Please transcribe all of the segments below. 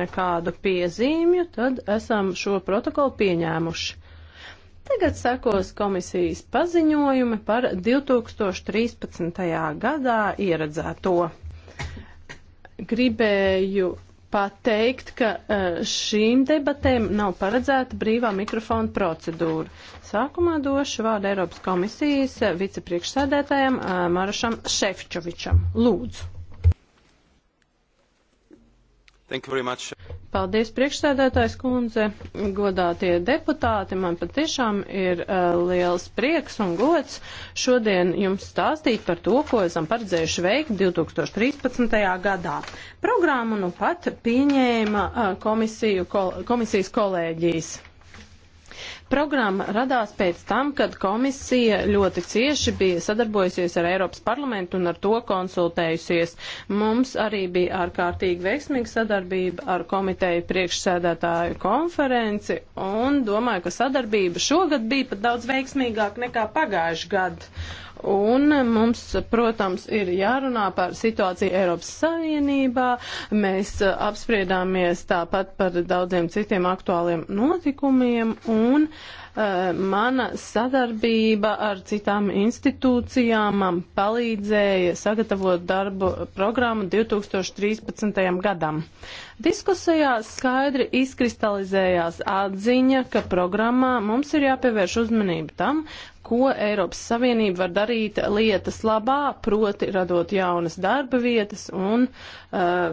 nekādu piezīmju, tad esam šo protokolu pieņēmuši. Tagad sekos komisijas paziņojumi par 2013. gadā ieredzēto. Gribēju pateikt, ka e, šīm debatēm nav paredzēta brīvā mikrofona procedūra. Sākumā došu vārdu Eiropas komisijas vicepriekšsēdētājam e, Marašam Šefčovičam. Lūdzu. Paldies, priekšsēdētājs kundze, godātie deputāti. Man patiešām ir uh, liels prieks un gods šodien jums stāstīt par to, ko esam paredzējuši veikt 2013. gadā. Programmu nu pat pieņēma uh, komisiju, kol, komisijas kolēģijas. Programma radās pēc tam, kad komisija ļoti cieši bija sadarbojusies ar Eiropas parlamentu un ar to konsultējusies. Mums arī bija ārkārtīgi veiksmīga sadarbība ar komiteju priekšsēdētāju konferenci un domāju, ka sadarbība šogad bija pat daudz veiksmīgāk nekā pagājuši gadu un mums, protams, ir jārunā par situāciju Eiropas Savienībā. Mēs apspriedāmies tāpat par daudziem citiem aktuāliem notikumiem un uh, Eh, mana sadarbība ar citām institūcijām man palīdzēja sagatavot darbu programmu 2013. gadam. Diskusijās skaidri izkristalizējās atziņa, ka programmā mums ir jāpievērš uzmanība tam, ko Eiropas Savienība var darīt lietas labā, proti radot jaunas darba vietas un uh,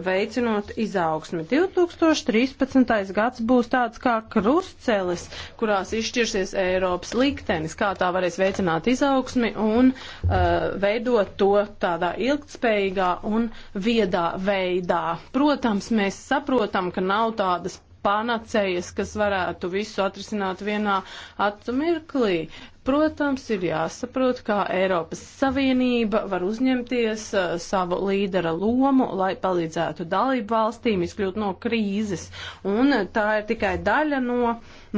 veicinot izaugsmi. 2013. gads būs tāds kā krustcelis, kurās izšķirs mainījušies Eiropas liktenis, kā tā varēs veicināt izaugsmi un uh, veidot to tādā ilgtspējīgā un viedā veidā. Protams, mēs saprotam, ka nav tādas panacējas, kas varētu visu atrisināt vienā atmirklī. Protams, ir jāsaprot, kā Eiropas Savienība var uzņemties uh, savu līdera lomu, lai palīdzētu dalību valstīm izkļūt no krīzes. Un uh, tā ir tikai daļa no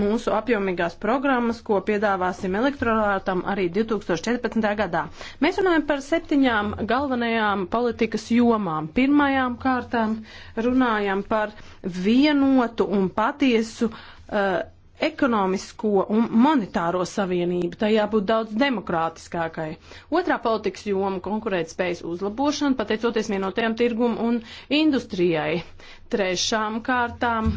mūsu apjomīgās programmas, ko piedāvāsim elektorātam arī 2014. gadā. Mēs runājam par septiņām galvenajām politikas jomām. Pirmajām kārtām runājam par vienotu un patiesu uh, ekonomisko un monetāro savienību. Tā jābūt daudz demokrātiskākai. Otrā politikas joma - konkurētspējas uzlabošana, pateicoties vienotajam tirgum un industrijai. Trešām kārtām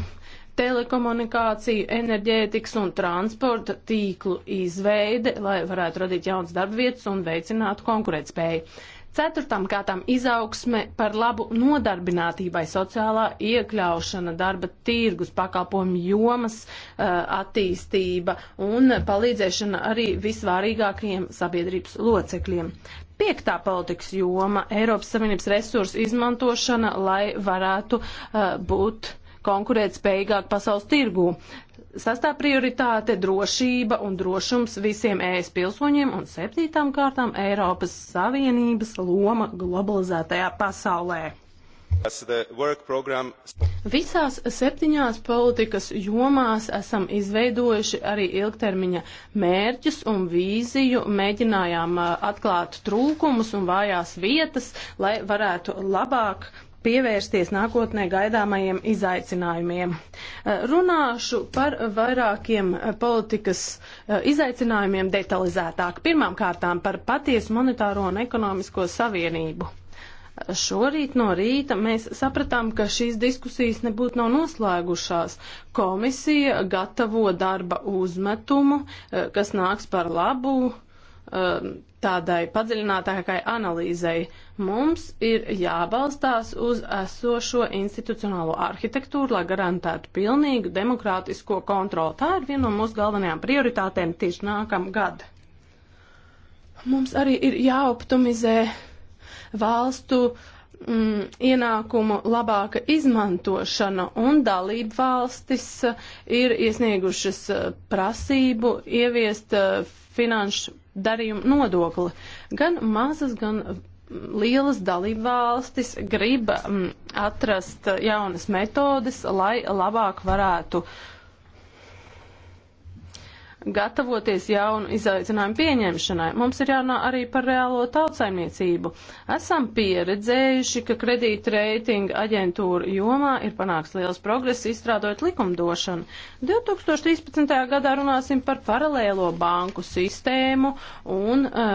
telekomunikāciju, enerģētikas un transporta tīklu izveide, lai varētu radīt jaunas darbvietas un veicinātu konkurētspēju. Ceturtam kārtām izaugsme par labu nodarbinātībai, sociālā iekļaušana, darba tirgus, pakalpojumu jomas eh, attīstība un palīdzēšana arī visvārīgākajiem sabiedrības locekļiem. Piektā politikas joma - Eiropas Savienības resursu izmantošana, lai varētu uh, būt konkurēt spējīgāk pasaules tirgū. Sastā prioritāte - drošība un drošums visiem ES pilsoņiem un septītām kārtām Eiropas Savienības loma globalizētajā pasaulē. Visās septiņās politikas jomās esam izveidojuši arī ilgtermiņa mērķus un vīziju, mēģinājām uh, atklāt trūkumus un vājās vietas, lai varētu labāk pievērsties nākotnē gaidāmajiem izaicinājumiem. Eh, runāšu par vairākiem eh, politikas eh, izaicinājumiem detalizētāk. Pirmām kārtām par patiesu monetāro un ekonomisko savienību. Šorīt no rīta mēs sapratām, ka šīs diskusijas nebūtu nav noslēgušās. Komisija gatavo darba uzmetumu, kas nāks par labu tādai padziļinātākai analīzei. Mums ir jābalstās uz esošo institucionālo arhitektūru, lai garantētu pilnīgu demokrātisko kontroli. Tā ir viena no mūsu galvenajām prioritātēm tieši nākam gad. Mums arī ir jāoptimizē valstu mm, ienākumu labāka izmantošana un dalību valstis ir iesniegušas eh, prasību ieviest eh, finanšu darījumu nodokli. Gan mazas, gan lielas dalībvalstis grib mm, atrast jaunas metodes, lai labāk varētu uh, gatavoties jaunu izaicinājumu pieņemšanai. Mums ir jārunā arī par reālo tautsaimniecību. Esam pieredzējuši, ka kredīta reitinga aģentūra jomā ir panāks liels progress izstrādot likumdošanu. 2013. gadā runāsim par paralēlo banku sistēmu un e,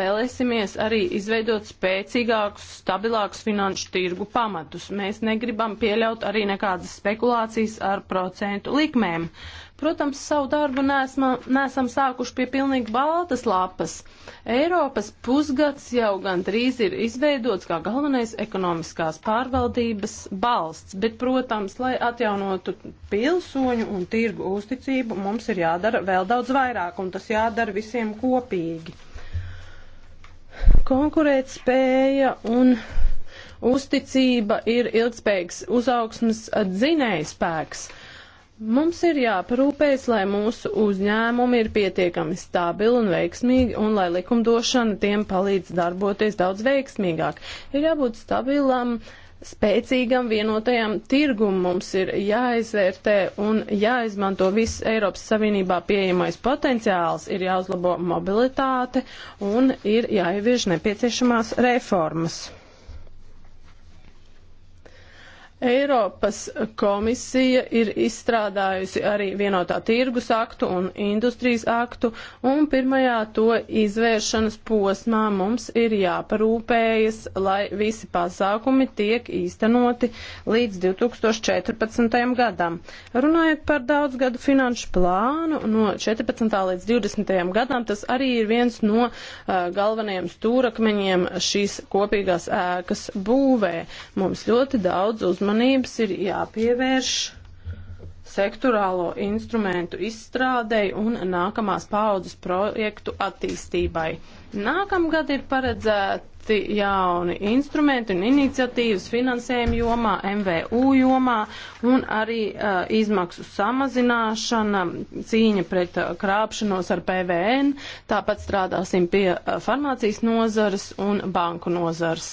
vēlēsimies arī izveidot spēcīgākus, stabilākus finanšu tirgu pamatus. Mēs negribam pieļaut arī nekādas spekulācijas ar procentu likmēm. Uh, Protams, savu darbu nesma, nesam sākuši pie pilnīgi baltas lapas. Eiropas pusgads jau gandrīz ir izveidots kā galvenais ekonomiskās pārvaldības balsts, bet, protams, lai atjaunotu pilsoņu un tirgu uzticību, mums ir jādara vēl daudz vairāk, un tas jādara visiem kopīgi. Konkurētspēja un uzticība ir ilgspējīgs uzaugsmas dzinējspēks. spēks Mums ir jāparūpējas, lai mūsu uzņēmumi ir pietiekami stabili un veiksmīgi, un lai likumdošana tiem palīdz darboties daudz veiksmīgāk. Ir jābūt stabilam, spēcīgam vienotajam tirgum mums ir jāizvērtē un jāizmanto viss Eiropas Savienībā pieejamais potenciāls, ir jāuzlabo mobilitāte un ir jāievieš nepieciešamās reformas. Eiropas komisija ir izstrādājusi arī vienotā tirgus aktu un industrijas aktu, un pirmajā to izvēršanas posmā mums ir jāparūpējas, lai visi pasākumi tiek īstenoti līdz 2014. gadam. Runājot par daudzgadu finanšu plānu, no 14. līdz 20. gadam tas arī ir viens no uh, galvenajiem stūrakmeņiem šīs kopīgās ēkas būvē. Mums ļoti daudz uzmanības uzmanības ir jāpievērš sektorālo instrumentu izstrādei un nākamās paaudzes projektu attīstībai. Nākamgad ir paredzēti jauni instrumenti un iniciatīvas finansējuma jomā, MVU jomā un arī uh, izmaksu samazināšana, cīņa pret uh, krāpšanos ar PVN, tāpat strādāsim pie uh, farmācijas nozares un banku nozares.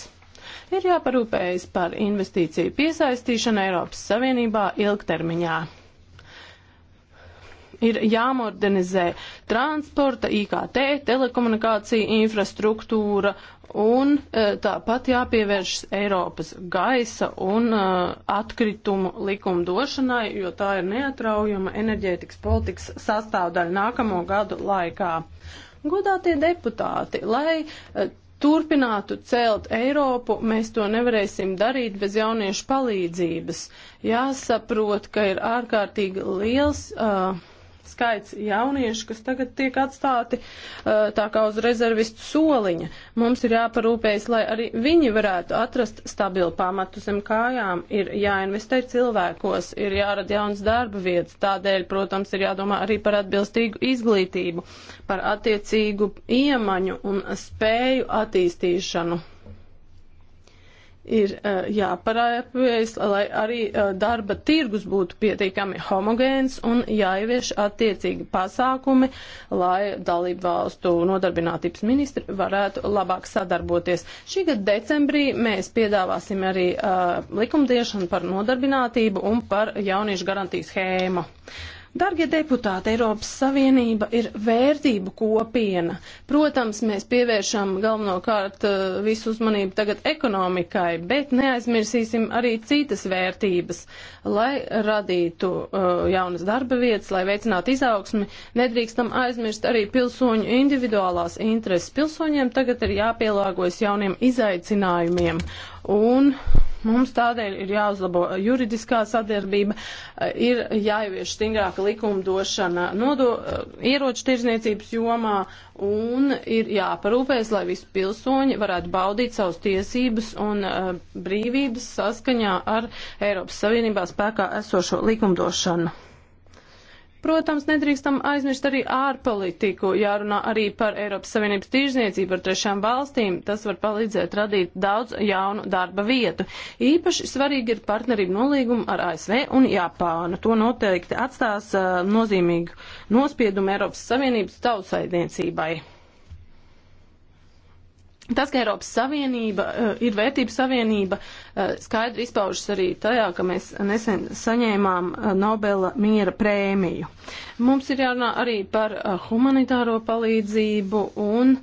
Ir jāparūpējas par investīciju piesaistīšanu Eiropas Savienībā ilgtermiņā. Ir jāmodernizē transporta, IKT, telekomunikācija, infrastruktūra un e, tāpat jāpievērš Eiropas gaisa un e, atkritumu likumdošanai, jo tā ir neatraujama enerģētikas politikas sastāvdaļa nākamo gadu laikā. Godātie deputāti, lai e, turpinātu celt Eiropu, mēs to nevarēsim darīt bez jauniešu palīdzības. Jāsaprot, ka ir ārkārtīgi liels. Uh, skaits jauniešu, kas tagad tiek atstāti tā kā uz rezervistu soliņa. Mums ir jāparūpējas, lai arī viņi varētu atrast stabilu pamatu zem kājām. Ir jāinvestē cilvēkos, ir jārada jaunas darba vietas. Tādēļ, protams, ir jādomā arī par atbilstīgu izglītību, par attiecīgu iemaņu un spēju attīstīšanu ir uh, eh, jāparāpējas, lai arī uh, darba tirgus būtu pietiekami homogēns un jāievieš attiecīgi pasākumi, lai dalību valstu nodarbinātības ministri varētu labāk sadarboties. Šī gada decembrī mēs piedāvāsim arī uh, likumdiešanu par nodarbinātību un par jauniešu garantiju schēmu. Uh, Dargie deputāti, Eiropas Savienība ir vērtību kopiena. Protams, mēs pievēršam galvenokārt eh, visu uzmanību tagad ekonomikai, bet neaizmirsīsim arī citas vērtības, lai radītu uh, jaunas darba vietas, lai veicinātu izaugsmi. Nedrīkstam aizmirst arī pilsoņu individuālās intereses. Pilsoņiem tagad ir jāpielāgojas jauniem izaicinājumiem. Un Mums tādēļ ir jāuzlabo juridiskā sadarbība, ir jāievieš stingrāka likumdošana nodo, ieroču tirzniecības jomā un ir jāparūpēs, lai visi pilsoņi varētu baudīt savus tiesības un uh, brīvības saskaņā ar Eiropas Savienībā spēkā esošo likumdošanu. Protams, nedrīkstam aizmirst arī ārpolitiku, jārunā arī par Eiropas Savienības tīrzniecību ar trešām valstīm. Tas var palīdzēt radīt daudz jaunu darba vietu. Īpaši svarīgi ir partnerību nolīguma ar ASV un Japānu. To noteikti atstās uh, nozīmīgu nospiedumu Eiropas Savienības tautsaidniecībai. Tas, ka Eiropas Savienība eh, ir vērtības savienība, eh, skaidri izpaužas arī tajā, ka mēs nesen saņēmām eh, Nobela miera prēmiju. Mums ir jārunā arī par humanitāro palīdzību un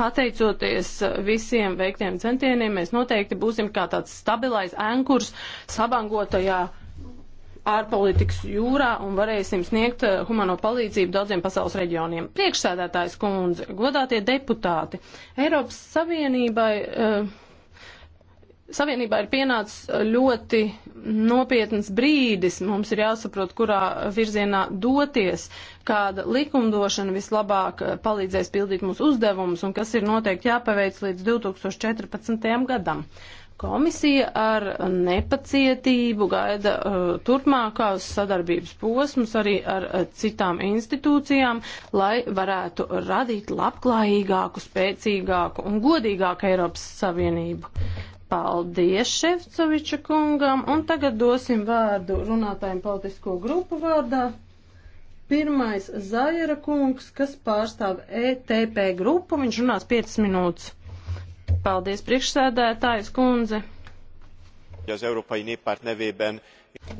pateicoties visiem veiktiem centieniem, mēs noteikti būsim kā tāds stabilais ankurs sabangotajā uh, ārpolitikas jūrā un varēsim sniegt eh, humano palīdzību daudziem pasaules reģioniem. Priekšsēdētājs kundze, godātie deputāti, Eiropas Savienībai. Uh, Savienībā ir pienācis ļoti nopietns brīdis. Mums ir jāsaprot, kurā virzienā doties, kāda likumdošana vislabāk eh, palīdzēs pildīt mūsu uzdevumus un kas ir noteikti jāpaveic līdz 2014. gadam. Uh, Komisija ar nepacietību gaida uh, turpmākās sadarbības posmus arī ar uh, citām institūcijām, lai varētu radīt labklājīgāku, spēcīgāku un godīgāku Eiropas Savienību. Paldies Šefcoviča kungam, un tagad dosim vārdu runātājiem politisko grupu vārdā. Pirmais Zaira kungs, kas pārstāv ETP grupu, viņš runās 5 minūtes. Paldies, priekšsēdētājs kundze.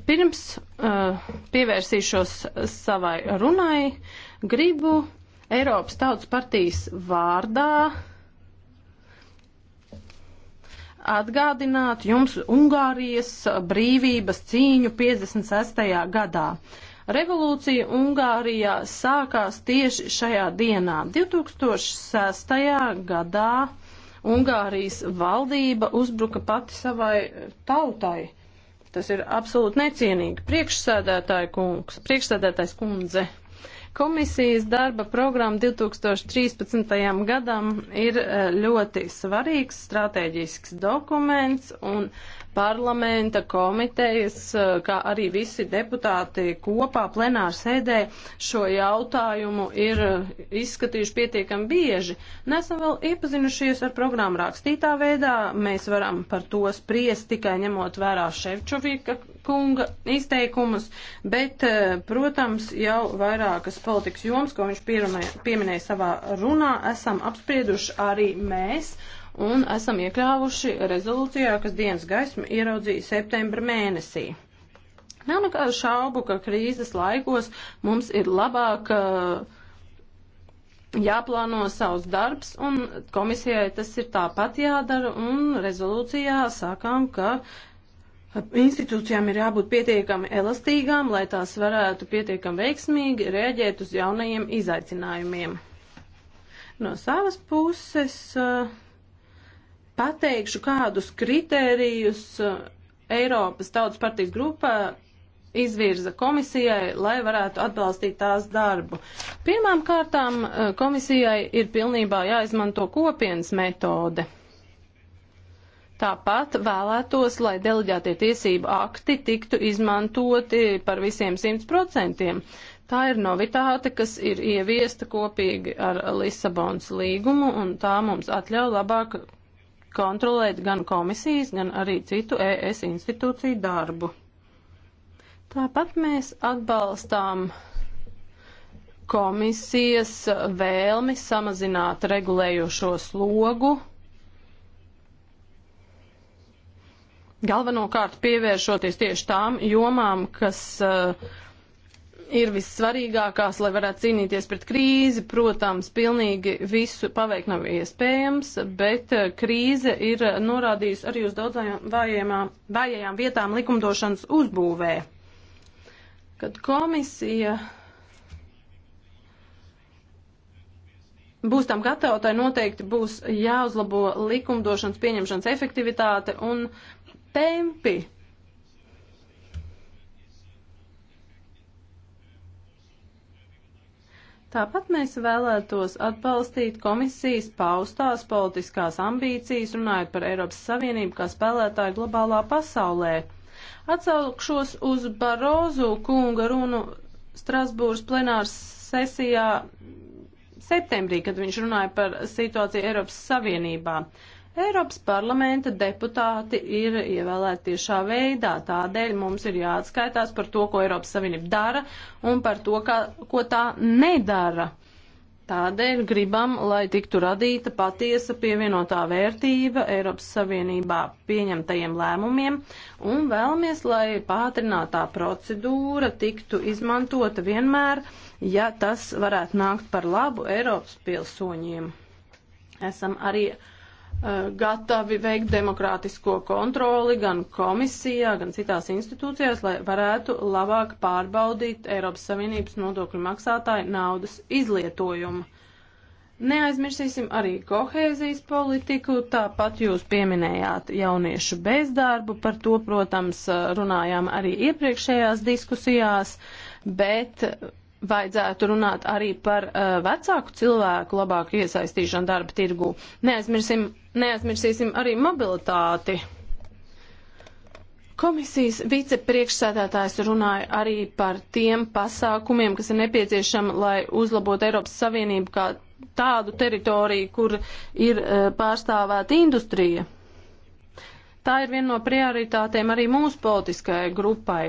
Pirms uh, pievērsīšos savai runai, gribu Eiropas Tautas partijas vārdā atgādināt jums Ungārijas brīvības cīņu 56. gadā. Revolūcija Ungārijā sākās tieši šajā dienā, 2006. gadā. Ungārijas valdība uzbruka pati savai tautai. Tas ir absolūti necienīgi. Priekšsēdētāja kungs, priekšsēdētājs kundze, Komisijas darba programma 2013. gadam ir eh, ļoti svarīgs stratēģisks dokuments, un parlamenta komitejas, eh, kā arī visi deputāti kopā plenāru sēdē šo jautājumu ir eh, izskatījuši pietiekami bieži. Nesam vēl iepazinušies ar programmu rakstītā veidā. Mēs varam par to spriest tikai ņemot vērā Ševčovika kunga izteikumus, bet, eh, protams, jau vairākas politikas joms, ko viņš pierunāja, pieminēja savā runā, esam apsprieduši arī mēs un esam iekļāvuši rezolūcijā, kas dienas gaismu ieraudzīja septembra mēnesī. Nav nekādu šaubu, ka krīzes laikos mums ir labāk uh, jāplāno savs darbs, un komisijai tas ir tāpat jādara, un rezolūcijā sākām, ka institūcijām ir jābūt pietiekami elastīgām, lai tās varētu pietiekami veiksmīgi reaģēt uz jaunajiem izaicinājumiem. No savas puses. Uh, pateikšu, kādus kritērijus eh, Eiropas Tautas partijas grupa izvirza komisijai, lai varētu atbalstīt tās darbu. Pirmām kārtām eh, komisijai ir pilnībā jāizmanto kopienas metode. Tāpat vēlētos, lai deleģētie tiesību akti tiktu izmantoti par visiem 100%. Tā ir novitāte, kas ir ieviesta kopīgi ar Lisabonas līgumu, un tā mums atļauj labāk kontrolēt gan komisijas, gan arī citu ES institūciju darbu. Tāpat mēs atbalstām komisijas vēlmi samazināt regulējošo slogu, galvenokārt pievēršoties tieši tām jomām, kas uh, ir vissvarīgākās, lai varētu cīnīties pret krīzi. Protams, pilnīgi visu paveikt nav iespējams, bet eh, krīze ir norādījusi arī uz daudzajām vājajām vietām likumdošanas uzbūvē. Kad komisija būs tam gatava, tai noteikti būs jāuzlabo likumdošanas pieņemšanas efektivitāte un tempi Tāpat mēs vēlētos atbalstīt komisijas paustās politiskās ambīcijas, runājot par Eiropas Savienību kā spēlētāju globālā pasaulē. Atsaukšos uz Barozu kunga runu Strasbūras plenāras sesijā septembrī, kad viņš runāja par situāciju Eiropas Savienībā. Uh, Eiropas parlamenta deputāti ir ievēlēti tiešā veidā, tādēļ mums ir jāatskaitās par to, ko Eiropas Savienība dara un par to, kā, ko tā nedara. Tādēļ gribam, lai tiktu radīta patiesa pievienotā vērtība Eiropas Savienībā pieņemtajiem lēmumiem un vēlamies, lai pātrinātā procedūra tiktu izmantota vienmēr, ja tas varētu nākt par labu Eiropas pilsoņiem. Esam arī uh, Eh, gatavi veikt demokrātisko kontroli gan komisijā, gan citās institūcijās, lai varētu labāk pārbaudīt Eiropas Savienības nodokļu maksātāju naudas izlietojumu. Neaizmirsīsim arī kohēzijas politiku, tāpat jūs pieminējāt jauniešu bezdarbu, par to, protams, eh, runājām arī iepriekšējās diskusijās, bet vajadzētu runāt arī par eh, vecāku cilvēku labāku iesaistīšanu darba tirgu. Neaizmirsim Neaizmirsīsim arī mobilitāti. Komisijas vicepriekšsēdētājs runāja arī par tiem pasākumiem, kas ir nepieciešami, lai uzlabotu Eiropas Savienību kā tādu teritoriju, kur ir e, pārstāvēta industrija. Tā ir viena no prioritātēm arī mūsu politiskajai grupai.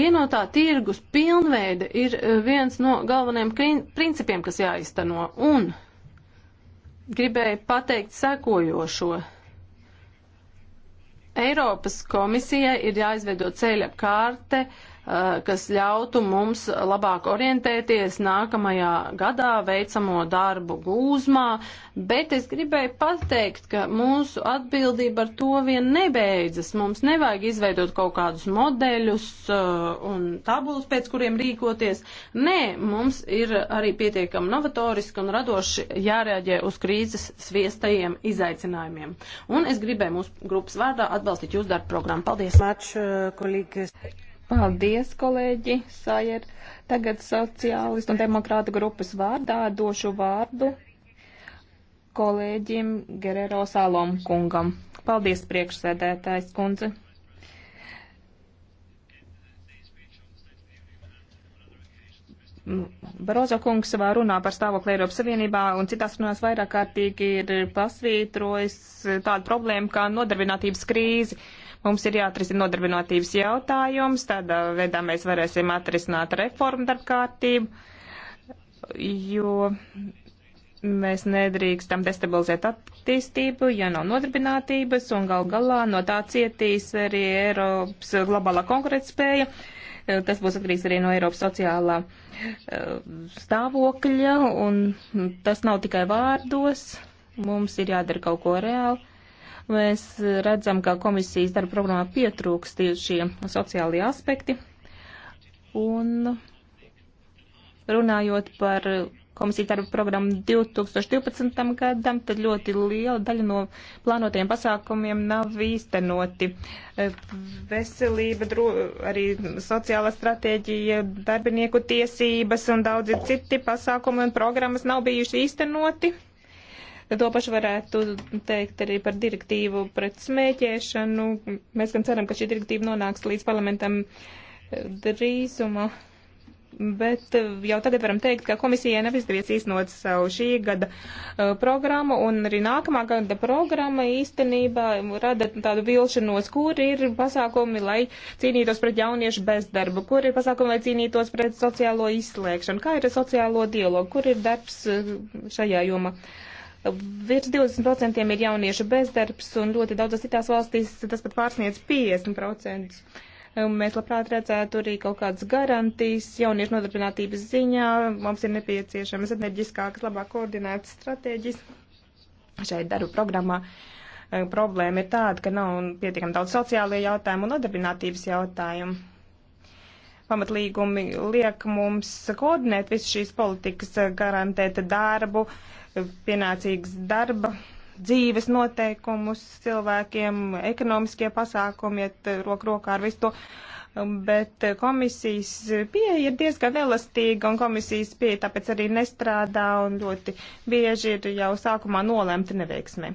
Vienotā tirgus pilnveida ir e, viens no galvenajiem principiem, kas jāizteno. Un gribēju pateikt sekojošo. Eiropas komisijai ir jāizveido ceļa kārte uh, Eh, kas ļautu mums labāk orientēties nākamajā gadā veicamo darbu gūzmā, bet es gribēju pateikt, ka mūsu atbildība ar to vien nebeidzas. Mums nevajag izveidot kaut kādus modeļus eh, un tabulas, pēc kuriem rīkoties. Nē, mums ir arī pietiekami novatoriski un radoši jārēģē uz krīzes sviestajiem izaicinājumiem. Un es gribēju mūsu grupas vārdā atbalstīt jūsu darbu programmu. Paldies! Much, uh, Paldies, kolēģi Sajer. Tagad sociālistu un demokrātu grupas vārdā došu vārdu kolēģim Gerero Salom kungam. Paldies, priekšsēdētājs kundze. Barozo kungs savā runā par stāvokli Eiropas Savienībā un citās runās vairāk kārtīgi ir pasvītrojis tādu problēmu kā nodarbinātības krīzi. Uh, Mums ir jāatrisina nodarbinotības jautājums, tādā veidā mēs varēsim atrisināt reformu darbkārtību, jo mēs nedrīkstam destabilizēt attīstību, ja nav nodarbinātības, un gal galā no tā cietīs arī Eiropas globālā konkurētspēja. Tas būs atkarīgs arī no Eiropas sociālā eh, stāvokļa, un tas nav tikai vārdos. Mums ir jādara kaut ko reāli. Mēs redzam, ka komisijas darba programmā pietrūkst šie sociālie aspekti. Un runājot par komisijas darba programmu 2012. gadam, tad ļoti liela daļa no plānotiem pasākumiem nav īstenoti. Veselība, dro, arī sociālā stratēģija, darbinieku tiesības un daudzi citi pasākumi un programmas nav bijuši īstenoti. To pašu varētu teikt arī par direktīvu pret smēķēšanu. Mēs gan ceram, ka šī direktīva nonāks līdz parlamentam eh, drīzumā. Bet eh, jau tagad varam teikt, ka komisijai nav izdevies īstenot savu šī gada uh, programmu, un arī nākamā gada programma īstenībā rada tādu vilšanos, kur ir pasākumi, lai cīnītos pret jauniešu bezdarbu, kur ir pasākumi, lai cīnītos pret sociālo izslēgšanu, kā ir sociālo dialogu, kur ir darbs šajā jomā. Uh, Virs 20% ir jauniešu bezdarbs, un ļoti daudzas citās valstīs tas pat pārsniedz 50%. Mēs labprāt redzētu arī kaut kādas garantijas jauniešu nodarbinātības ziņā. Mums ir nepieciešamas enerģiskākas, labāk koordinētas stratēģijas šeit darbu programmā. Problēma ir tāda, ka nav pietiekami daudz sociālajie jautājumi un nodarbinātības jautājumu pamatlīgumi liek mums koordinēt visu šīs politikas, garantēt darbu, pienācīgas darba dzīves noteikumus cilvēkiem, ekonomiskie pasākumi iet roku rokā ar visu to. Um, bet komisijas pieeja ir diezgan elastīga, un komisijas pieeja tāpēc arī nestrādā, un ļoti bieži ir jau sākumā nolemti neveiksmē.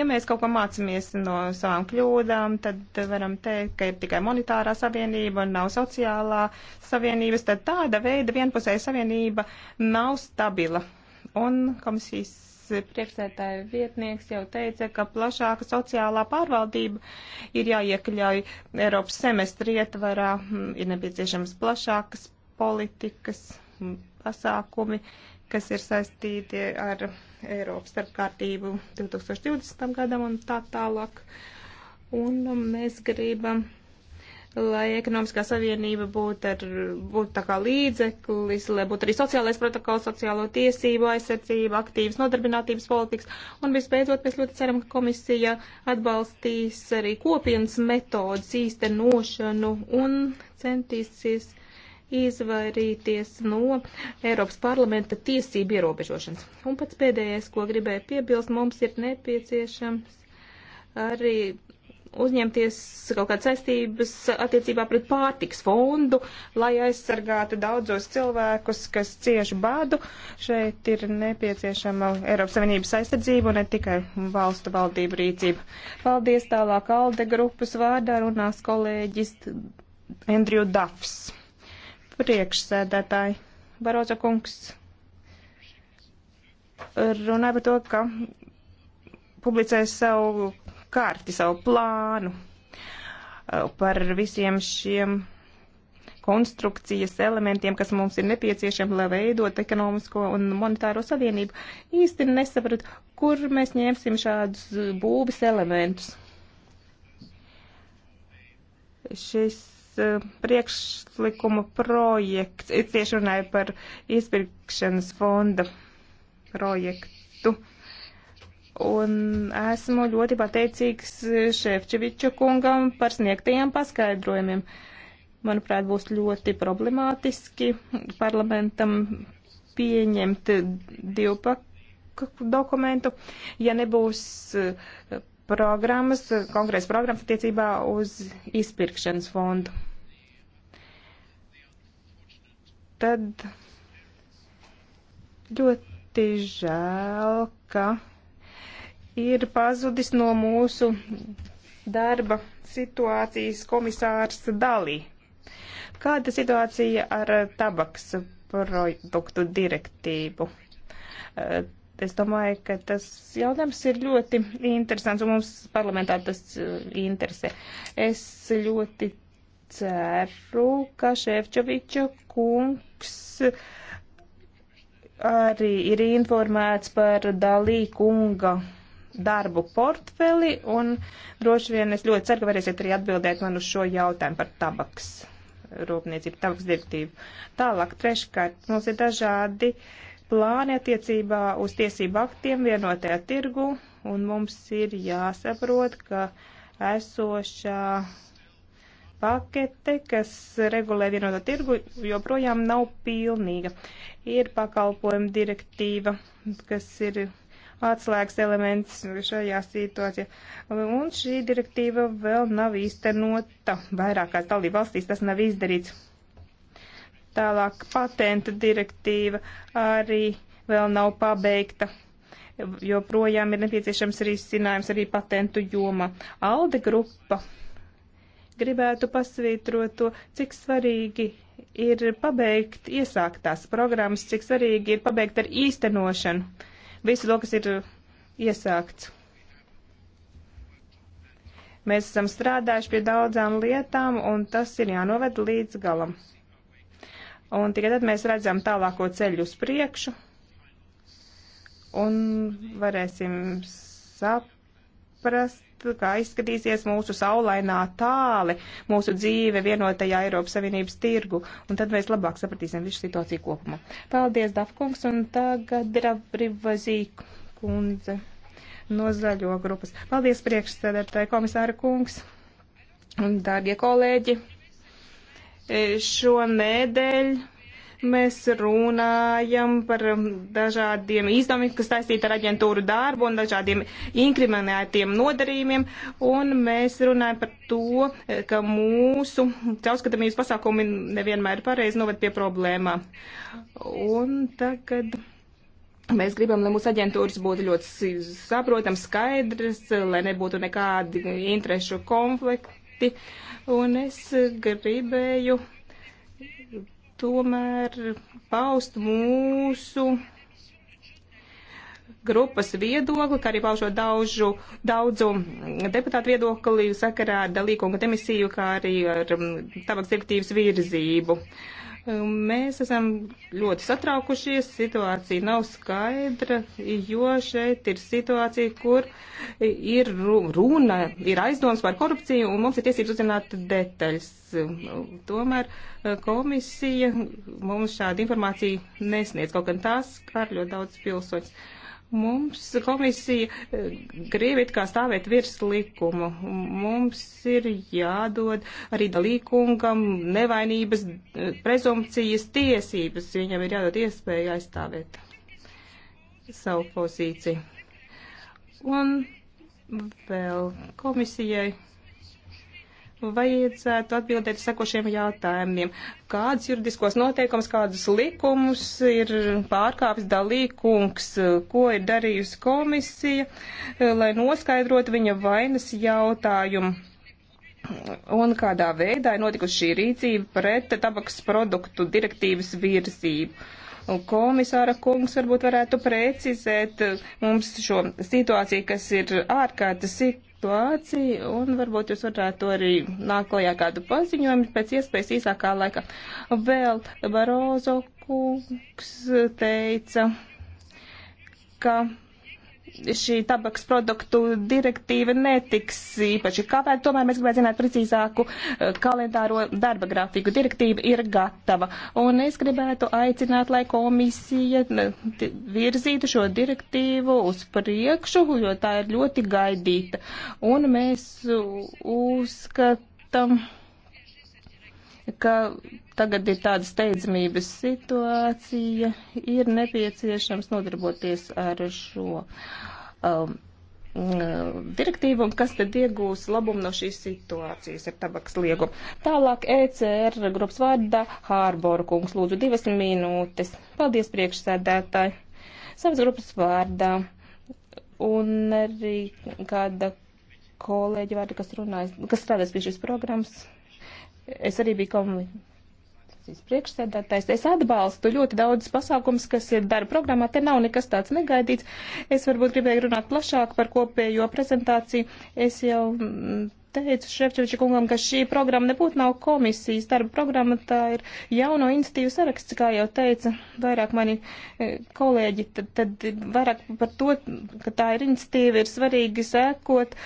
Ja mēs kaut ko mācāmies no savām kļūdām, tad varam teikt, ka ir tikai monetārā savienība un nav sociālā savienības, tad tāda veida vienpusēja savienība nav stabila Un komisijas priekšsētāja vietnieks jau teica, ka plašāka sociālā pārvaldība ir jāiekļauj Eiropas semestri ietvarā, mm, ir nepieciešams plašākas politikas pasākumi, kas ir saistīti ar Eiropas starpkārtību 2020. gadam un tā tālāk. Un mm, mēs gribam lai ekonomiskā savienība būtu ar, būtu tā kā līdzeklis, lai būtu arī sociālais protokols, sociālo tiesību aizsardzība, aktīvas nodarbinātības politikas. Un visbeidzot, mēs ļoti ceram, ka komisija atbalstīs arī kopienas metodas īstenošanu un centīsies izvairīties no Eiropas parlamenta tiesību ierobežošanas. Un pats pēdējais, ko gribēju piebilst, mums ir nepieciešams arī uzņemties kaut kādas saistības attiecībā pret pārtiks fondu, lai aizsargātu daudzos cilvēkus, kas cieši badu. Šeit ir nepieciešama Eiropas Savienības aizsardzība un ne tikai valstu valdību rīcība. Paldies tālāk Alde grupas vārdā runās kolēģis Andriju Dafs. Priekšsēdētāji Barozo kungs runāja par to, ka publicēs savu karti, savu plānu uh, par visiem šiem konstrukcijas elementiem, kas mums ir nepieciešami, lai veidot ekonomisko un monetāro savienību. Īsti nesapratu, kur mēs ņemsim šādus būvis elementus. Šis uh, priekšlikuma projekts, es tieši runāju par iespirkšanas fonda projektu. Un esmu ļoti pateicīgs Šefčeviča kungam par sniegtajiem paskaidrojumiem. Manuprāt, būs ļoti problemātiski parlamentam pieņemt divpaku dokumentu, ja nebūs eh, programmas, konkrēts programmas attiecībā uz izpirkšanas fondu. Tad ļoti žēl, ka ir pazudis no mūsu darba situācijas komisārs Dalī. Kāda situācija ar tabaks produktu direktīvu? Eh, es domāju, ka tas jautājums ir ļoti interesants, un mums parlamentā tas eh, interesē. Es ļoti ceru, ka Šefčoviča kungs arī ir informēts par Dalī kunga darbu portfeli, un droši vien es ļoti ceru, ka varēsiet arī atbildēt man uz šo jautājumu par tabaks rūpniecību, tabaks direktīvu. Tālāk, treškārt, mums ir dažādi plāni attiecībā uz tiesību aktiem vienotajā tirgu, un mums ir jāsaprot, ka esošā pakete, kas regulē vienoto tirgu, joprojām nav pilnīga. Ir pakalpojuma direktīva, kas ir atslēgas elements šajā situācijā. Un šī direktīva vēl nav īstenota. Vairākās dalība valstīs tas nav izdarīts. Tālāk patenta direktīva arī vēl nav pabeigta joprojām ir nepieciešams risinājums arī patentu joma. Alde grupa gribētu pasvītrot to, cik svarīgi ir pabeigt iesāktās programmas, cik svarīgi ir pabeigt ar īstenošanu visu to, kas ir uh, iesākts. Mēs esam strādājuši pie daudzām lietām, un tas ir jānoved līdz galam. Un tikai tad mēs redzam tālāko ceļu uz priekšu, un varēsim saprast saprast, kā izskatīsies mūsu saulainā tāle, mūsu dzīve vienotajā Eiropas Savienības tirgu, un tad mēs labāk sapratīsim visu situāciju kopumā. Paldies, Dafkungs, un tagad Rabrivazīk kundze no zaļo grupas. Paldies, priekšsēdētāji komisāra kungs, un dārgie kolēģi, šonēdēļ Mēs runājam par dažādiem izdevumiem, kas saistīti ar aģentūru darbu un dažādiem inkriminētiem nodarījumiem, un mēs runājam par to, ka mūsu caurskatāmības pasākumi nevienmēr pareizi noved pie problēmām. Un tagad. Mēs gribam, lai mūsu aģentūras būtu ļoti saprotams, skaidrs, lai nebūtu nekādi interešu konflikti. Un es gribēju tomēr paust mūsu grupas viedokli, kā arī paužot daudzu, daudzu deputātu viedokli sakarā ar dalīkunga demisiju, kā arī ar um, tabaks direktīvas virzību. Uh, Mēs esam ļoti satraukušies, situācija nav skaidra, jo šeit ir situācija, kur ir runa, ir aizdoms par korupciju un mums ir tiesības uzzināt detaļas. Tomēr eh, komisija mums šādu informāciju nesniedz, kaut gan tās skar ļoti daudz pilsoņus. Uh, Mums komisija eh, grib it kā stāvēt virs likumu. Mums ir jādod arī dalīkungam nevainības eh, prezumpcijas tiesības. Viņam ir jādod iespēja aizstāvēt savu pozīciju. Un vēl komisijai vajadzētu atbildēt sakošiem jautājumiem. Kādas juridiskos noteikums, kādus likumus ir pārkāpis dalīkungs, ko ir darījusi komisija, lai noskaidrotu viņa vainas jautājumu? Un kādā veidā ir notikusi šī rīcība pret tabaks produktu direktīvas virzību? Komisāra kungs varbūt varētu precizēt mums šo situāciju, kas ir ārkārtas situācija situāciju, un varbūt jūs varētu arī nākamajā kādu paziņojumu pēc iespējas īsākā laika. Vēl Barozo kungs teica, ka šī tabaks produktu direktīva netiks īpaši kāpēc. Tomēr mēs gribētu zināt precīzāku eh, kalendāro darba grafiku. Direktīva ir gatava. Un es gribētu aicināt, lai komisija virzītu šo direktīvu uz priekšu, jo tā ir ļoti gaidīta. Un mēs uzskatām ka tagad ir tāda steidzamības situācija, ir nepieciešams nodarboties ar šo um, uh, direktīvu un kas tad iegūs labumu no šīs situācijas ar tabaks liegumu. Tālāk ECR grupas vārdā Hārboru kungs lūdzu divas minūtes. Paldies priekšsēdētāji. Savas grupas vārdā un arī kāda kolēģi vārda, kas runājas, kas strādās pie šīs programmas. Es arī biju komisijas priekšsēdētājs. Es atbalstu ļoti daudz pasākums, kas ir dara programmā. Te nav nekas tāds negaidīts. Es varbūt gribēju runāt plašāk par kopējo prezentāciju. Es jau mm, teicu Šefčoviča kungam, ka šī programma nebūtu nav komisijas darba programma, tā ir jauno institīvu saraksts, kā jau teica vairāk mani e, kolēģi, tad, tad vairāk par to, ka tā ir institīva, ir svarīgi sēkot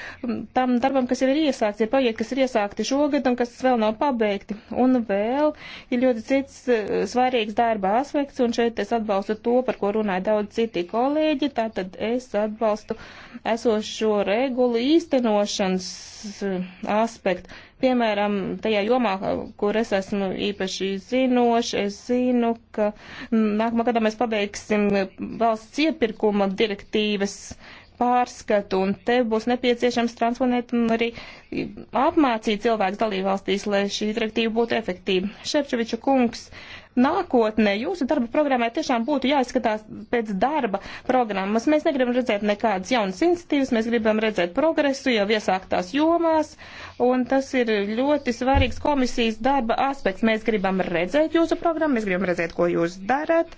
tam darbam, kas jau ir iesākts, ir projekti, kas ir iesākti šogad un kas vēl nav pabeigti. Un vēl ir ļoti cits e, svarīgs darba aspekts, un šeit es atbalstu to, par ko runāja daudz citi kolēģi, tātad es atbalstu esošo regulu īstenošanas aspektu. Piemēram, tajā jomā, kur es esmu īpaši zinoši, es zinu, ka nākamā gadā mēs pabeigsim valsts iepirkuma direktīvas pārskatu, un te būs nepieciešams transponēt un arī apmācīt cilvēks dalībvalstīs, lai šī direktīva būtu efektīva. Šepčeviča kungs nākotnē jūsu darba programmai tiešām būtu jāizskatās pēc darba programmas. Mēs negribam redzēt nekādas jaunas iniciatīvas, mēs gribam redzēt progresu jau iesāktās jomās, un tas ir ļoti svarīgs komisijas darba aspekts. Mēs gribam redzēt jūsu programmu, mēs gribam redzēt, ko jūs darat,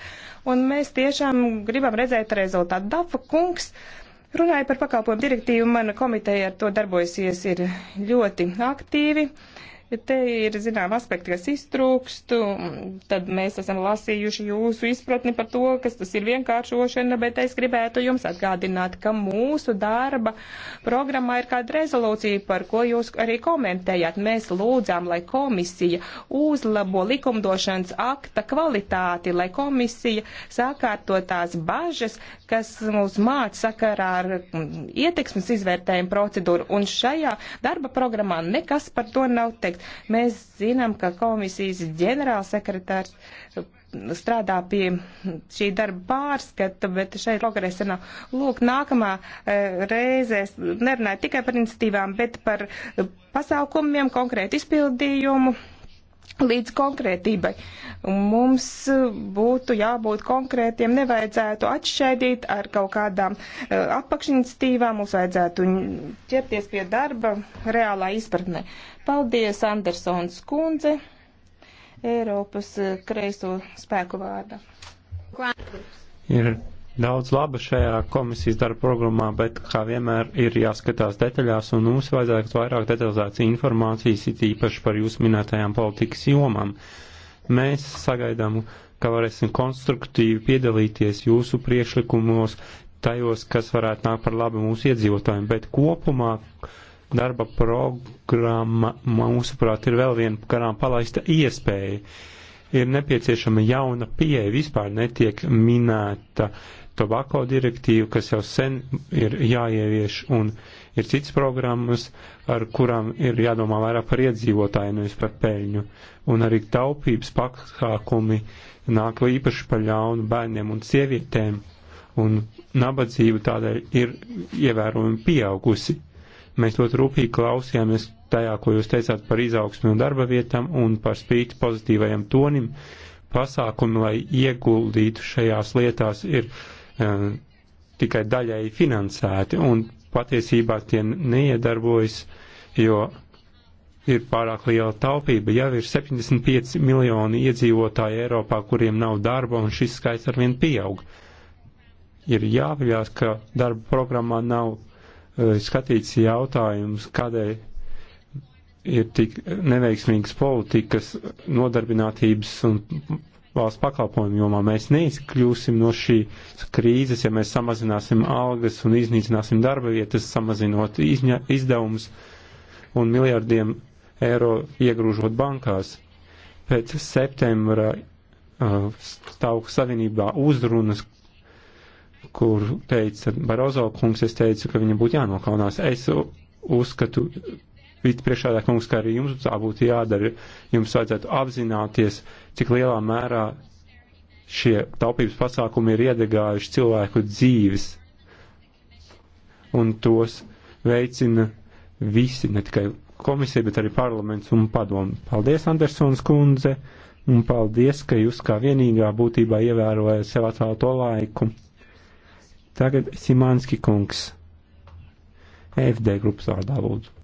un mēs tiešām gribam redzēt rezultātu. Dafa kungs. Runāju par pakalpojumu direktīvu, mana komiteja ar to darbojasies ir ļoti aktīvi. Uh, Te ir, zinām, aspekti, kas iztrūkst, tad mēs esam lasījuši jūsu izpratni par to, kas tas ir vienkāršošana, bet es gribētu jums atgādināt, ka mūsu darba programmā ir kāda rezolūcija, par ko jūs arī komentējāt. Mēs lūdzām, lai komisija uzlabo likumdošanas akta kvalitāti, lai komisija sākārto tās bažas, kas mūs māca sakarā ar mm, ietekmes izvērtējumu procedūru, un šajā darba programmā nekas par to nav teikt pateikt. Mēs zinām, ka komisijas ģenerālsekretārs eh, strādā pie šī darba pārskata, bet šeit logarēs nav. Lūk, nākamā eh, reize es nerunāju tikai par iniciatīvām, bet par eh, pasākumiem, konkrētu izpildījumu līdz konkrētībai. Mums būtu jābūt konkrētiem, nevajadzētu atšķaidīt ar kaut kādām eh, apakšinicitīvām, mums vajadzētu ķerties pie darba reālā izpratnē. Paldies, Andersons kundze, Eiropas eh, kreiso spēku vārda. Ir daudz laba šajā komisijas darba programmā, bet kā vienmēr ir jāskatās detaļās un mums vajadzētu vairāk detalizētas informācijas, it īpaši par jūsu minētajām politikas jomām. Mēs sagaidām, ka varēsim konstruktīvi piedalīties jūsu priekšlikumos, tajos, kas varētu nākt par labu mūsu iedzīvotājiem, bet kopumā darba programma, mūsuprāt, ir vēl viena garām palaista iespēja. Ir nepieciešama jauna pieeja, vispār netiek minēta tobako direktīvu, kas jau sen ir jāievieš, un ir cits programmas, ar kurām ir jādomā vairāk par iedzīvotāju, nevis par peļņu. Un arī taupības pakākumi nāk īpaši par ļaunu bērniem un sievietēm, un nabadzība tādēļ ir ievērojami pieaugusi. Mēs ļoti rūpīgi klausījāmies tajā, ko jūs teicāt par izaugsmi un darba vietām, un par spīti pozitīvajam tonim pasākumi, lai ieguldītu šajās lietās, ir Um, tikai daļai finansēti un patiesībā tie neiedarbojas, jo ir pārāk liela taupība. Jau ir 75 miljoni iedzīvotāji Eiropā, kuriem nav darba, un šis skaits arvien pieaug. Ir jāpaļās, ka darba programmā nav uh, skatīts jautājums, kādēļ ir tik neveiksmīgas politikas nodarbinātības un valsts pakalpojumu jomā. Mēs neizkļūsim no šīs krīzes, ja mēs samazināsim algas un iznīcināsim darba vietas, samazinot izņa, izdevumus un miljardiem eiro iegrūžot bankās. Pēc septembra uh, stāvokļa savienībā uzrunas, kur teica Barozo kungs, es teicu, ka viņam būtu jānokaunās. Es uzskatu, vicepriekšādā kungs, ka arī jums tā būtu jādara. Jums vajadzētu apzināties, cik lielā mērā šie taupības pasākumi ir iedegājuši cilvēku dzīves. Un tos veicina visi, ne tikai komisija, bet arī parlaments un padomu. Paldies, Andersons kundze, un paldies, ka jūs kā vienīgā būtībā ievērojat sev atvēlto laiku. Tagad Simanski kungs. FD grupas vārdā lūdzu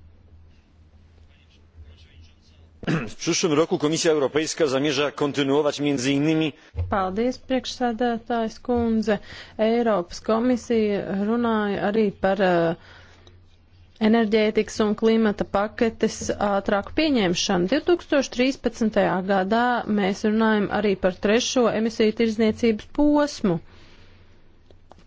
w przyszłym roku komisja europejska zamierza kontynuować między innymi Paldies, priekšsēdētājs kundze. Eiropas komisija runāja arī par eh, enerģētikas un klimata paketes ātrāku pieņemšanu. 2013. gadā mēs runājam arī par trešo emisiju tirzniecības posmu.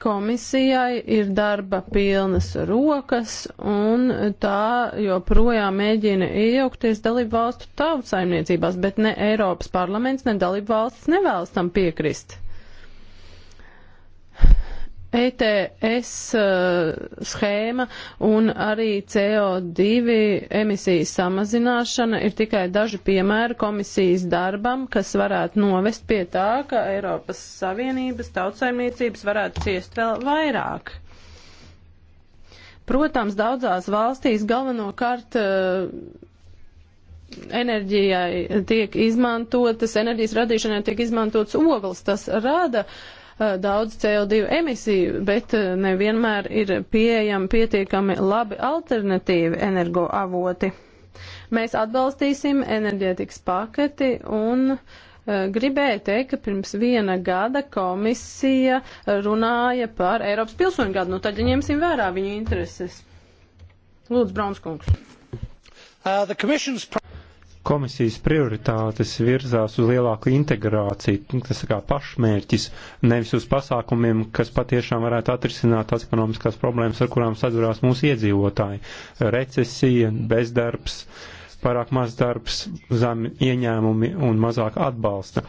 Komisijai ir darba pilnas rokas, un tā joprojām mēģina iejaukties dalību valstu tautsaimniecībās, bet ne Eiropas parlaments, ne dalību valsts nevēlas tam piekrist. ETS uh, e, schēma un arī CO2 emisijas samazināšana ir tikai daži piemēri komisijas darbam, kas varētu novest pie tā, ka Eiropas Savienības tautsaimniecības varētu ciest vēl vairāk. Protams, daudzās valstīs galvenokārt uh, enerģijai tiek izmantotas, enerģijas radīšanai tiek izmantotas ogles. Tas rada uh, Eh, daudz CO2 emisiju, bet eh, nevienmēr ir pieejami pietiekami labi alternatīvi energoavoti. Mēs atbalstīsim enerģētikas paketi un uh, gribēju teikt, ka pirms viena gada komisija runāja par Eiropas pilsoņu gadu. Nu, tad ja ņemsim vērā viņu intereses. Lūdzu, Braunskungs. Uh, komisijas prioritātes virzās uz lielāku integrāciju, nu, tas kā pašmērķis, nevis uz pasākumiem, kas patiešām varētu atrisināt tās ekonomiskās problēmas, ar kurām sadurās mūsu iedzīvotāji - recesija, bezdarbs, pārāk maz darbs, zemi ieņēmumi un mazāk atbalsta.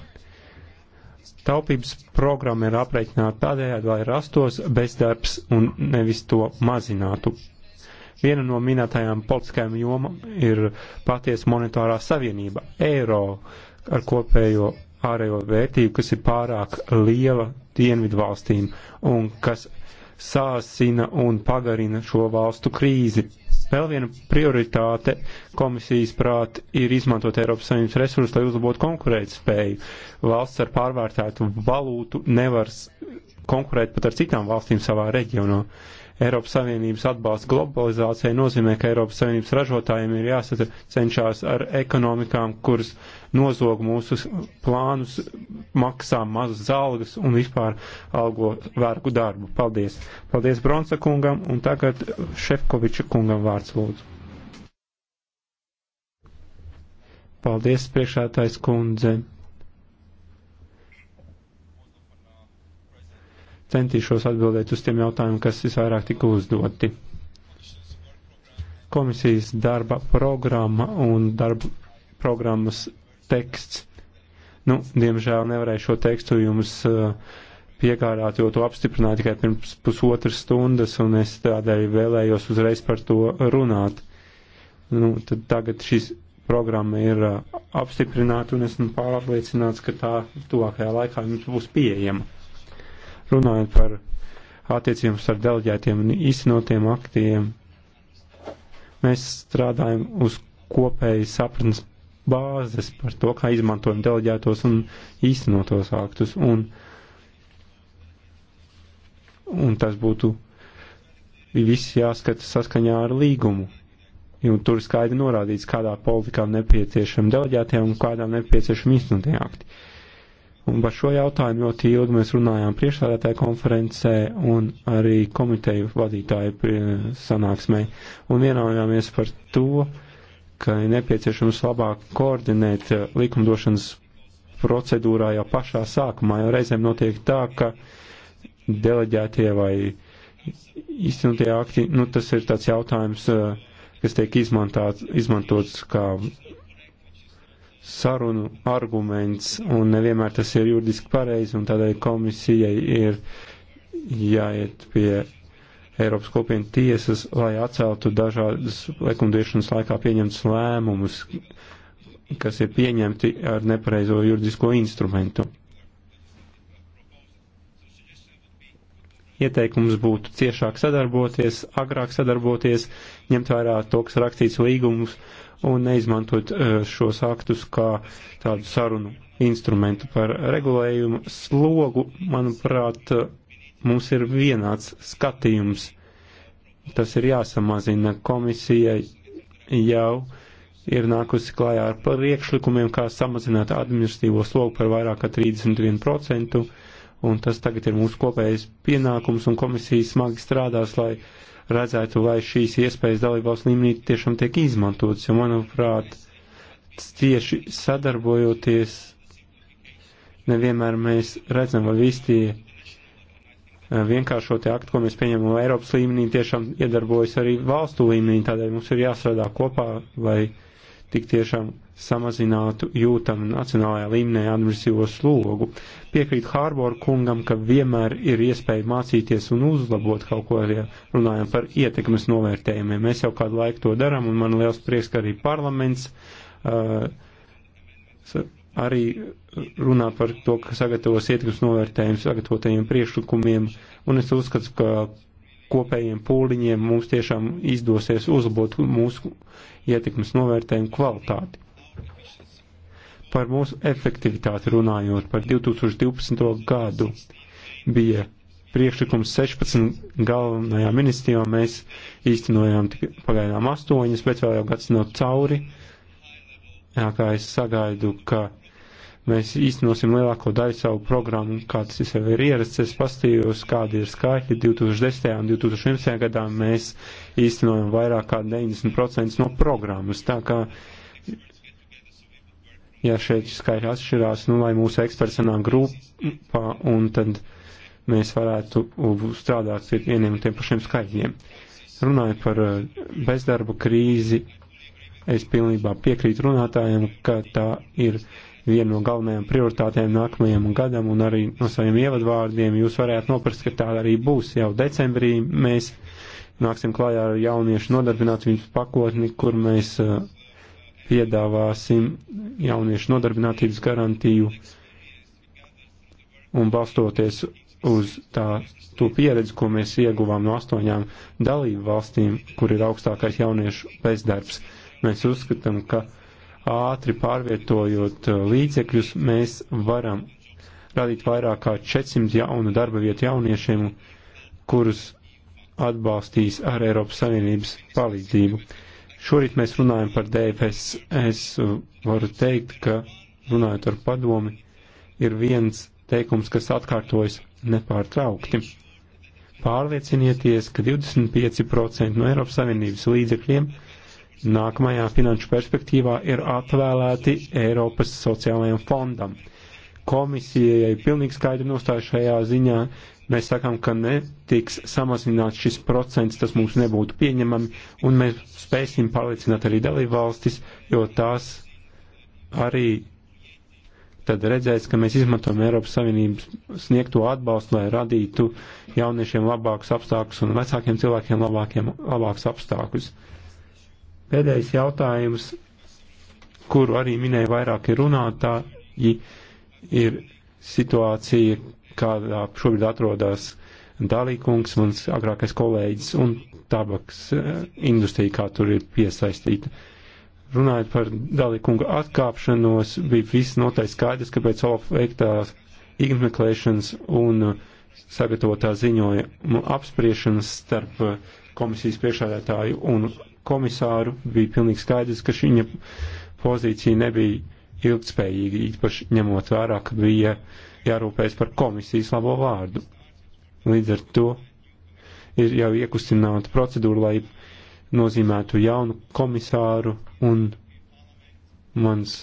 Taupības programma ir aprēķināta tādējādi, lai rastos bezdarbs un nevis to mazinātu. Viena no minētajām politiskajām jomām ir paties monetārā savienība - eiro ar kopējo ārējo vērtību, kas ir pārāk liela dienvidu valstīm un kas sāsina un pagarina šo valstu krīzi. Vēl viena prioritāte komisijas prāt ir izmantot Eiropas Savienības resursus, lai uzlabotu konkurētspēju. Valsts ar pārvērtētu valūtu nevar konkurēt pat ar citām valstīm savā reģionā. Uh, Eiropas Savienības atbalsts globalizācijai nozīmē, ka Eiropas Savienības ražotājiem ir jāsacenšās ar ekonomikām, kuras nozog mūsu plānus, maksā mazas algas un vispār algo vērku darbu. Paldies! Paldies Bronsa kungam un tagad Šefkoviča kungam vārds lūdzu. Paldies, priekšētājs kundze! centīšos atbildēt uz tiem jautājumiem, kas visvairāk tika uzdoti. Komisijas darba programma un darba programmas teksts. Nu, diemžēl nevarēju šo tekstu jums uh, piegādāt, jo to apstiprināja tikai pirms pusotras stundas, un es tādēļ vēlējos uzreiz par to runāt. Nu, tad tagad šis programma ir uh, apstiprināta, un esmu pārliecināts, ka tā tuvākajā laikā jums būs pieejama runājot par attiecībām starp deleģētiem un īstenotiem aktiem. Mēs strādājam uz kopēju sapratnes bāzes par to, kā izmantojam deleģētos un īstenotos aktus, un, un tas būtu viss jāskata saskaņā ar līgumu. Un tur skaidri norādīts, kādā politikā nepieciešama deleģētie un kādā nepieciešama īstenotie akti. Un par šo jautājumu ļoti ilgi mēs runājām priekšstādātāju konferencē un arī komiteju vadītāju sanāksmē. Un vienojāmies par to, ka ir nepieciešams labāk koordinēt likumdošanas procedūrā jau pašā sākumā, jo reizēm notiek tā, ka deleģētie vai īstenotie akti, nu tas ir tāds jautājums, eh, kas tiek izmantāts, izmantots kā sarunu arguments, un nevienmēr tas ir juridiski pareizi, un tādēļ komisijai ir jāiet pie Eiropas kopienas tiesas, lai atceltu dažādas likumdošanas laikā pieņemtas lēmumus, kas ir pieņemti ar nepareizo juridisko instrumentu. Ieteikums būtu ciešāk sadarboties, agrāk sadarboties, ņemt vērā to, kas rakstīts līgumus, uh, un neizmantot eh, šos aktus kā tādu sarunu instrumentu par regulējumu slogu, manuprāt, mums ir vienāds skatījums. Tas ir jāsamazina komisijai jau ir nākusi klājā ar priekšlikumiem, kā samazināt administratīvo slogu par vairāk kā 31%, un tas tagad ir mūsu kopējais pienākums, un komisija smagi strādās, lai uh, redzētu, vai šīs iespējas dalībvalsts līmenī tiešām tiek izmantotas, jo, manuprāt, tieši sadarbojoties, nevienmēr mēs redzam, vai visi tie eh, vienkāršotie akti, ko mēs pieņemam Eiropas līmenī, tiešām iedarbojas arī valstu līmenī, tādēļ mums ir jāstrādā kopā, lai tik tiešām samazinātu jūtam nacionālajā līmenī administratīvo slogu. Piekrīt Hārboru kungam, ka vienmēr ir iespēja mācīties un uzlabot kaut ko, ja runājam par ietekmes novērtējumiem. Mēs jau kādu laiku to darām, un man liels prieks, ka arī parlaments uh, arī runā par to, ka sagatavos ietekmes novērtējumus sagatavotajiem priekšlikumiem, un es uzskatu, ka kopējiem pūliņiem mums tiešām izdosies uzlabot mūsu ietekmes novērtējumu kvalitāti. Par mūsu efektivitāti runājot, par 2012. gadu bija priekšlikums 16 galvenajām ministrijām, mēs īstenojām pagaidām 8, bet vēl jau gads nav cauri. Jā, kā es sagaidu, ka mēs īstenosim lielāko daļu savu programmu, kāds tas jau ir ierasts. Es pastījos, kādi ir skaitļi 2010. un 2011. gadā mēs īstenojam vairāk kā 90% no programmas. Tā kā, ja šeit skaitļi atšķirās, nu, lai mūsu eksperts sanāk grupā un tad mēs varētu strādāt pie vieniem un tiem pašiem skaitļiem. Runāju par eh, bezdarba krīzi. Es pilnībā piekrītu runātājiem, ka tā ir viena no galvenajām prioritātēm nākamajam gadam, un arī no saviem ievadvārdiem jūs varētu noprast, ka tā arī būs. Jau decembrī mēs nāksim klājā ar jauniešu nodarbinātības pakotni, kur mēs uh, piedāvāsim jauniešu nodarbinātības garantiju un balstoties uz tā, to pieredzi, ko mēs ieguvām no astoņām dalību valstīm, kur ir augstākais jauniešu bezdarbs. Mēs uzskatām, ka uh, ātri pārvietojot uh, līdzekļus, mēs varam radīt vairāk kā 400 jaunu darba vietu jauniešiem, kurus atbalstīs ar Eiropas Savienības palīdzību. Šorīt mēs runājam par DFS. Es uh, varu teikt, ka runājot ar padomi, ir viens teikums, kas atkārtojas nepārtraukti. Pārliecinieties, ka 25% no Eiropas Savienības līdzekļiem nākamajā finanšu perspektīvā ir atvēlēti Eiropas sociālajiem fondam. Komisijai pilnīgi skaidri nostāja šajā ziņā. Mēs sakām, ka netiks samazināts šis procents, tas mums nebūtu pieņemami, un mēs spēsim pārliecināt arī dalībvalstis, jo tās arī tad redzēs, ka mēs izmantojam Eiropas Savienības sniegto atbalstu, lai radītu jauniešiem labākus apstākļus un vecākiem cilvēkiem labākiem, labākus apstākļus. Uh, Pēdējais jautājums, kuru arī minēja vairāki runātāji, ir situācija, kādā šobrīd atrodas Dalīkungs, mans agrākais kolēģis, un tabaks eh, industrija, kā tur ir piesaistīta. Runājot par Dalīkunga atkāpšanos, bija viss noteikti skaidrs, ka pēc Olaf veiktās igmeklēšanas un sagatavotā ziņojuma apspriešanas starp eh, komisijas priekšādētāju un komisāru, bija pilnīgi skaidrs, ka viņa pozīcija nebija ilgtspējīga, īpaši ņemot vērā, ka bija jārūpējas par komisijas labo vārdu. Līdz ar to ir jau iekustināta procedūra, lai nozīmētu jaunu komisāru un mans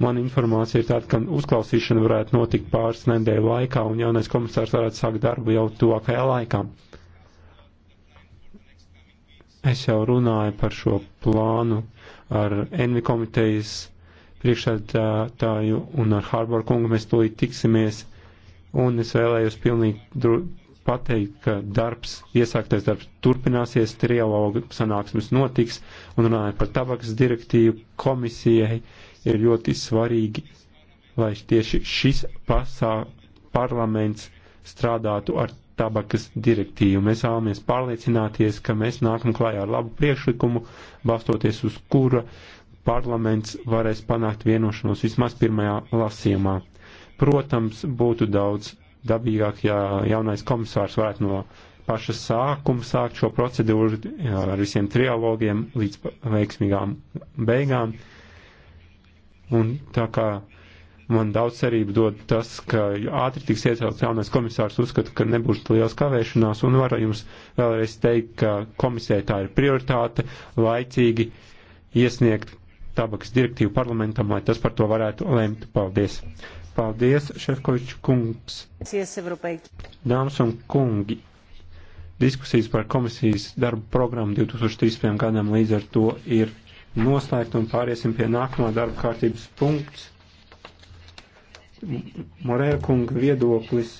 Man informācija ir tāda, ka uzklausīšana varētu notikt pāris nedēļu laikā, un jaunais komisārs varētu sākt darbu jau tuvākajā laikā. Es jau runāju par šo plānu ar Envi komitejas priekšsēdētāju un ar Harbor kungu mēs tūlīt tiksimies. Un es vēlējos pilnīgi pateikt, ka darbs, iesāktais darbs turpināsies, trialoga sanāksmes notiks, un runājot par tabakas direktīvu, komisijai ir ļoti svarīgi, lai tieši šis pasā parlaments strādātu ar tabakas direktīvu. Mēs vēlamies pārliecināties, ka mēs nākam klājā ar labu priekšlikumu, balstoties uz kura parlaments varēs panākt vienošanos vismaz pirmajā lasījumā. Protams, būtu daudz dabīgāk, ja jaunais komisārs varētu no paša sākuma sākt šo procedūru ar visiem trialogiem līdz veiksmīgām beigām. Un tā kā uh, Man daudz cerību dod tas, ka ātri tiks iecelts jaunais komisārs, uzskatu, ka nebūs liels kavēšanās, un varu jums vēlreiz teikt, ka komisē tā ir prioritāte laicīgi iesniegt tabakas direktīvu parlamentam, lai tas par to varētu lemt. Paldies! Paldies, Šefkovičs kungs! Dāmas un kungi! Diskusijas par komisijas darbu programmu 2013. gadam līdz ar to ir noslēgta un pāriesim pie nākamā darba kārtības punkts. Morēkunga viedoklis